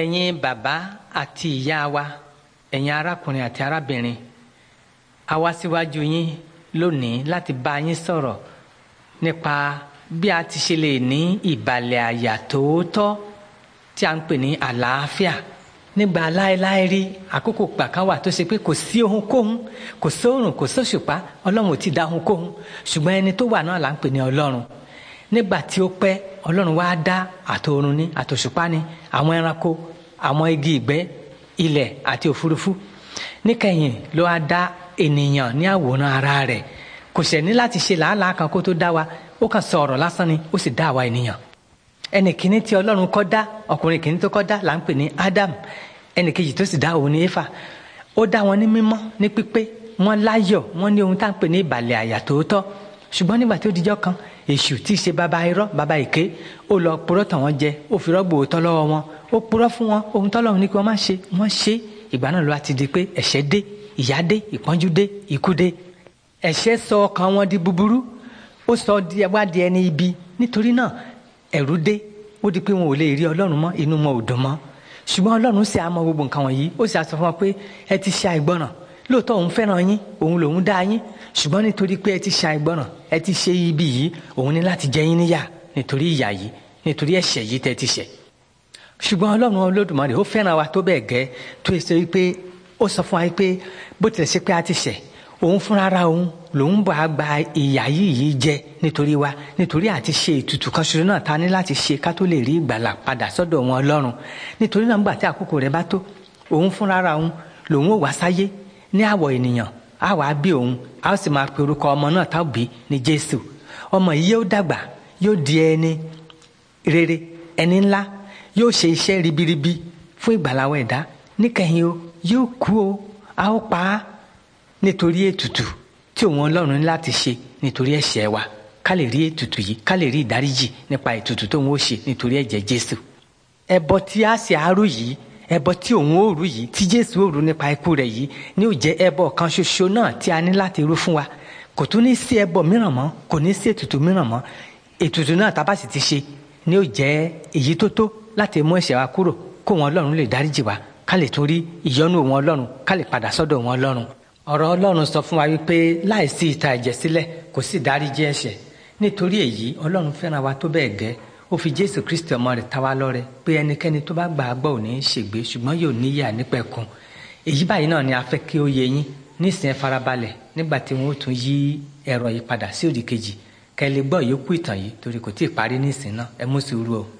ẹ̀yin bàbá àti ìyá wa ẹ̀yin arákùnrin àti arábìnrin a wá síwájú yín lónìí láti bá yín sọ̀rọ̀ nípa bí a ti ṣe lè ní ìbàlẹ̀ àyà tòótọ́ tí a ń pè ní àlàáfíà nígbà láéláé rí àkókò pàkáwà tó ṣe pé kò sí ohunkóhun kò sóòrùn kò sóṣùpá ọlọ́run ò ti dá ohunkóhun ṣùgbọ́n ẹni tó wà náà là ń pè ní ọlọ́run nígbà tí ó pẹ́ ọlọ́run wá dá àtòrun ní àtòṣùpá ní àwọn ẹranko àwọn igi ìgbẹ́ ilẹ̀ àti òfurufú níkẹyìn ló wá dá ènìyàn ní àwòrán ara rẹ̀ kò ṣẹ̀ ní láti ṣe làálàá kan kó tó dá wa ó kàn sọ ọ̀rọ̀ lásán ni ó sì dá àwa ènìyàn ẹnì kìíní tí ọlọ́run kọ́ dá ọkùnrin kìíní tó kọ́ dá là ń pè ní Adam ẹnì kejì tó sì dá òun ní Éfà ó dá wọn ní mímọ́ ní pípé wọ́n láyọ̀ wọ́n ní ohun tá à ń pè ní ìbàlẹ̀ àyà tòótọ́ ṣùgbọ́n nígbà tí ó dijọ́ kan èṣù tí í ṣe bàbá irọ́ bàbá èké ó lọ purọ́ tàn wọ́n jẹ ó fi rọ́gbò tọ́ lọ́wọ́ wọn ó purọ́ fún wọn ohun tọ́lọ́run ní kí wọ́n má ṣe wọ́n ṣe ìgbà náà ló wá ti di pé ẹ̀ṣẹ̀ dé ìyà dé ìpọ́njú dé ikú dé ẹ̀ṣẹ̀ sọ ọkàn wọn di búburú ó sọ wá di ẹni ibi nítorí náà ẹ̀rù dé ó di pé wọn ò lè rí ọlọ́run mọ́ inú wọn ò mọ́ ṣùgbọ́n ọlọ́run sì á mọ gbogbo nǹkan wọ̀nyí ó sì á sọ fún wọn pé ẹ ti ṣe àìgbọràn lóòótọ́ òun fẹ́ràn yín òun lòun dá yín ṣùgbọ́n nítorí pé ẹ ti ṣe àìgbọràn ẹ ti ṣe ibi yìí òun ní láti jẹ yín níyà nítorí ìyà yìí nítorí ẹ̀ṣẹ̀ yìí tẹ́ ti ṣẹ̀ ṣùgbọ́n ọlọ́run olódùmarè ó fẹ́ràn wa tó bẹ́ẹ̀ gẹ́ tó ṣe pé ó sọ fún wa pé bó tilẹ̀ ṣe pé a ti ṣẹ̀ òun fúnra òun lòun bá gba ìyà yìí yìí jẹ nítorí wa nítorí àti ṣe ètùtù kan ṣoṣo náà ta ní láti ṣe ká tó lè rí ìgbàlà padà sọ́dọ̀ wọn ọlọ́run nítorí náà nígbà tí àkókò rẹ̀ bá tó òun fúnra òun lòun ò wá sáyé ní àwọ̀ ènìyàn a wàá bí òun a sì máa pe orúkọ ọmọ náà tá bí ní Jésù ọmọ yìí yóò dàgbà yóò di ẹni rere ẹni ńlá yóò ṣe iṣẹ́ ribiribi fún ìgbàláwọ̀ ẹ̀dá níkẹyìn o yóò kú o a ó pa á nítorí ètùtù tí òun Ọlọ́run ní láti ṣe nítorí ẹ̀ṣẹ̀ wa ká lè rí ètùtù yìí ká lè rí ìdáríjì nípa ètùtù tóun ó ṣe nítorí ẹ̀jẹ̀ Jésù ẹbọ tí a ṣe àárò yìí ẹbọ tí òun ó rú yìí tí jésù ó rú nípa ikú rẹ̀ yìí ni ó jẹ́ ẹbọ kan ṣoṣo náà tí a ní láti rú fún wa kò tún ní sí ẹbọ mìíràn mọ́ kò ní sí ètùtù mìíràn mọ́ ètùtù náà tá a bá sì ti ṣe ni ó jẹ́ èyí tó tó láti mú ẹ̀ṣẹ̀ wa kúrò kó wọn ọlọ́run lè dáríjì wa ká lè tún rí ìyọ́nú wọn ọlọ́run ká lè padà sọ́dọ̀ wọn ọlọ́run ọ̀rọ̀ ọlọ́run sọ fún wa wípé láìsí ìta ẹ̀jẹ̀ sílẹ̀ kò sí ìdáríjì ẹ̀ṣẹ̀ nítorí èyí ọlọ́run fẹ́ràn wa tó bẹ́ẹ̀ gẹ́ ó fi jésù kristi ọmọ rẹ̀ ta wá lọ́rẹ pé ẹnikẹ́ni tó bá gbà á gbọ́ ò ní í ṣègbé ṣùgbọ́n yóò níyà nípẹ̀kun èyí báyìí náà ni a fẹ́ kí ó yé yín nísìnyẹ farabalẹ̀ nígbà tí wọn ó tún yí ẹ̀rọ yìí padà sí òdì kejì kẹ́ lè ìtàn yìí torí kò tí ì parí nísìnyí náà ẹ mú sùúrù o.